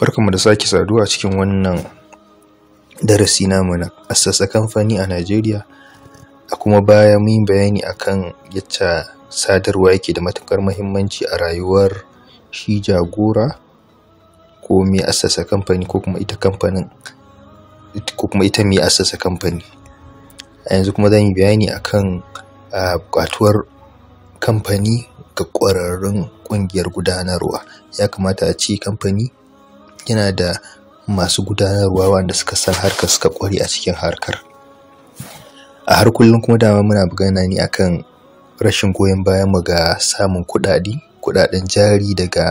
barkanmu da sake saduwa cikin wannan darasi namu na assasa kamfani a Najeriya a kuma baya mun bayani akan yadda sadarwa yake da matukar muhimmanci a rayuwar shi jagora ko mai assasa kamfani ko kuma ita kamfanin ko kuma ita mai assasa kamfani a yanzu kuma zan yi bayani akan buƙatuwar kamfani ga ƙwararrun ƙungiyar gudanarwa ya kamata a ce kamfani yana da masu gudanarwa wanda suka san harkar suka kware a cikin harkar a har kullum kuma dama muna magana ne akan rashin goyon bayan mu ga samun kuɗaɗe kuɗaɗen jari daga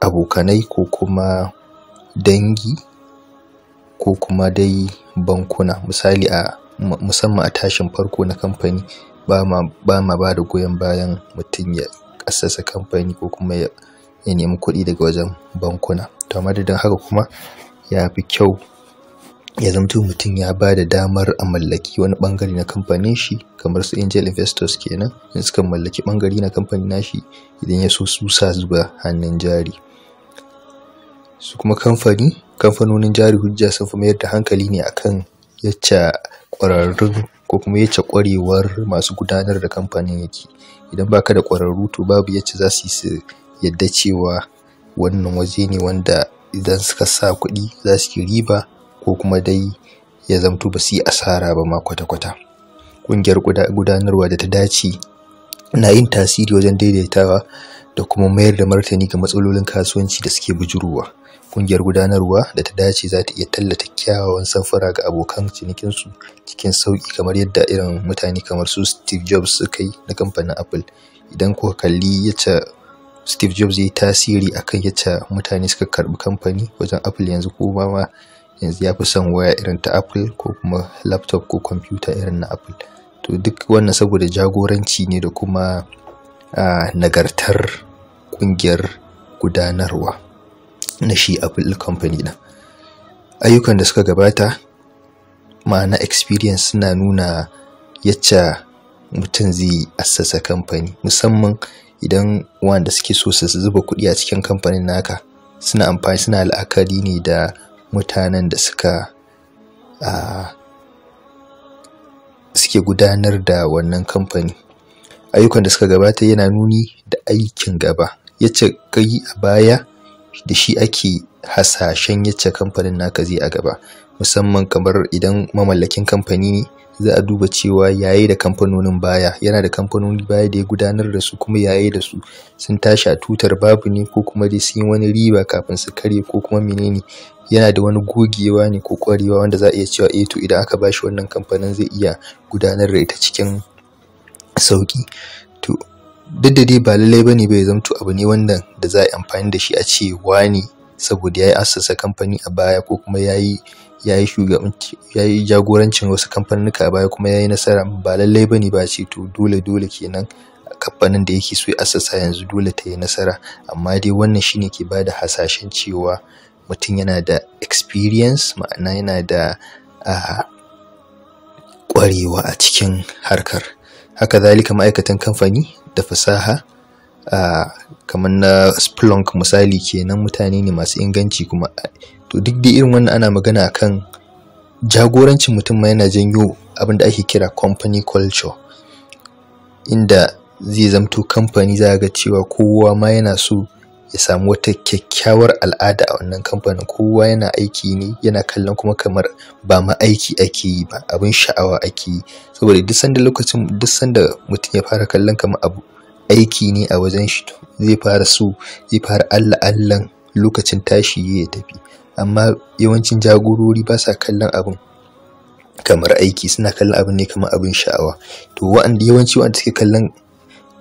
abokanai ko kuma dangi ko kuma dai bankuna misali a musamman a tashin farko na kamfani ba ma ba da goyon bayan mutum ya ƙasasa kamfani ko kuma ya nemi kuɗi daga wajen bankuna to madadin haka kuma ya fi kyau ya zamto mutum ya ba da damar a mallaki wani bangare na kamfanin shi kamar su angel investors kenan in suka mallaki bangare na kamfanin nashi idan ya so su sa zuba hannun jari su kuma kamfani kamfanonin jari hujja sun fi mayar da hankali ne akan yacce ƙwararrun ko kuma yacce ƙwarewar masu gudanar da kamfanin yake idan baka da kwararru to babu yacce za su yi su yadda cewa wannan waje ne wanda idan suka sa kuɗi za su ki riba ko kuma dai ya zamto ba su yi asara ba ma kwata-kwata ƙungiyar gudanarwa da ta dace na yin tasiri wajen daidaitawa da kuma mayar da martani ga matsalolin kasuwanci da suke bujurowa ƙungiyar gudanarwa da ta dace za ta iya tallata kyawawan samfura ga abokan cinikinsu cikin sauƙi kamar yadda irin mutane kamar su steve jobs suka yi na kamfanin apple idan kuka kalli yace Steve Jobs yi tasiri akan yacca mutane suka karbi kamfani wajen Apple yanzu ko ba ma yanzu ya fi son waya irin ta Apple ko kuma laptop ko kwamfuta irin na Apple. To duk wannan saboda jagoranci ne da kuma nagartar kungiyar gudanarwa na shi Apple Company na. Ayyukan da suka gabata ma'ana experience suna nuna yacca mutum zai assasa kamfani musamman idan wanda suke so su zuba kuɗi a cikin kamfanin naka suna amfani suna la'akari ne da mutanen da suka suke gudanar da wannan kamfani ayyukan da suka gabata yana nuni da aikin gaba yace kai a baya da shi ake hasashen yace kamfanin naka zai a gaba musamman kamar idan mamallakin kamfani ne za a duba cewa yaye da kamfanonin baya yana da kamfanoni baya da ya gudanar da su kuma yaye da su sun tashi a tutar babu ne ko kuma dai sun yi wani riba kafin su karye ko kuma menene yana da wani gogewa ne ko kwarewa wanda za a iya cewa eh to idan aka bashi wannan kamfanin zai iya gudanar da ita cikin sauki to duk da dai ba lallai bane bai zamto abu ne wanda da za a yi amfani da shi a ce wani saboda ya yi assasa kamfani a baya ko kuma ya yi shugabanci ya jagorancin wasu kamfanunuka a baya kuma ya yi nasara ba lallai bane ba ce to dole dole kenan kamfanin da yake so ya assasa yanzu dole ta yi nasara amma dai wannan shine ke bada hasashen cewa mutum yana da experience ma'ana yana da ƙwarewa a cikin harkar haka zalika ma'aikatan kamfani da fasaha kamar na splunk misali kenan mutane ne masu inganci kuma to duk da irin wannan ana magana akan jagorancin mutum ma yana janyo abin da ake kira company culture inda zai zamto kamfani za ga cewa kowa ma yana so ya samu wata kyakkyawar al'ada a wannan kamfanin kowa yana aiki ne yana kallon kuma kamar ba ma aiki ake yi ba abin sha'awa ake yi saboda duk sanda lokacin duk sanda mutum ya fara kallon kamar abu aiki ne a wajen shi zai fara so zai fara allah allan lokacin tashi ya tafi amma yawancin jagorori ba sa kallon abin kamar aiki suna kallon abin ne kamar abin sha'awa to wa'anda yawanci wa'anda suke kallon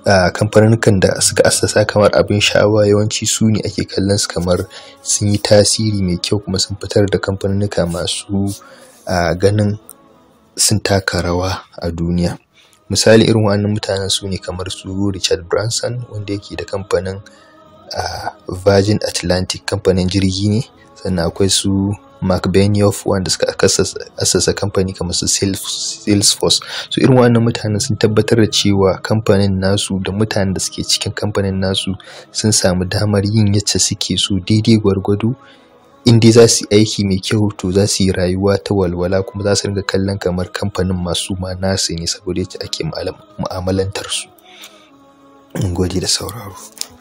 a kamfanin da suka assasa kamar abin sha'awa yawanci su ne ake kallon su kamar sun yi tasiri mai kyau kuma sun fitar da kamfanunuka masu ganin sun taka rawa a duniya misali irin wa'annan mutanen su ne kamar su richard branson wanda yake da kamfanin uh, virgin atlantic kamfanin jirgi ne sannan akwai su mark benioff wanda suka assasa kamfani kamar su salesforce so irin wa'annan mutanen sun tabbatar da cewa kamfanin nasu da mutanen da suke cikin kamfanin nasu sun samu damar yin yacce suke su daidai gwargwado in dai za su yi aiki mai kyau to za su yi rayuwa ta walwala kuma za su ringa kallon kamar kamfanin masu ma nasu ne saboda yadda ake mu'amalantar su. da sauraro.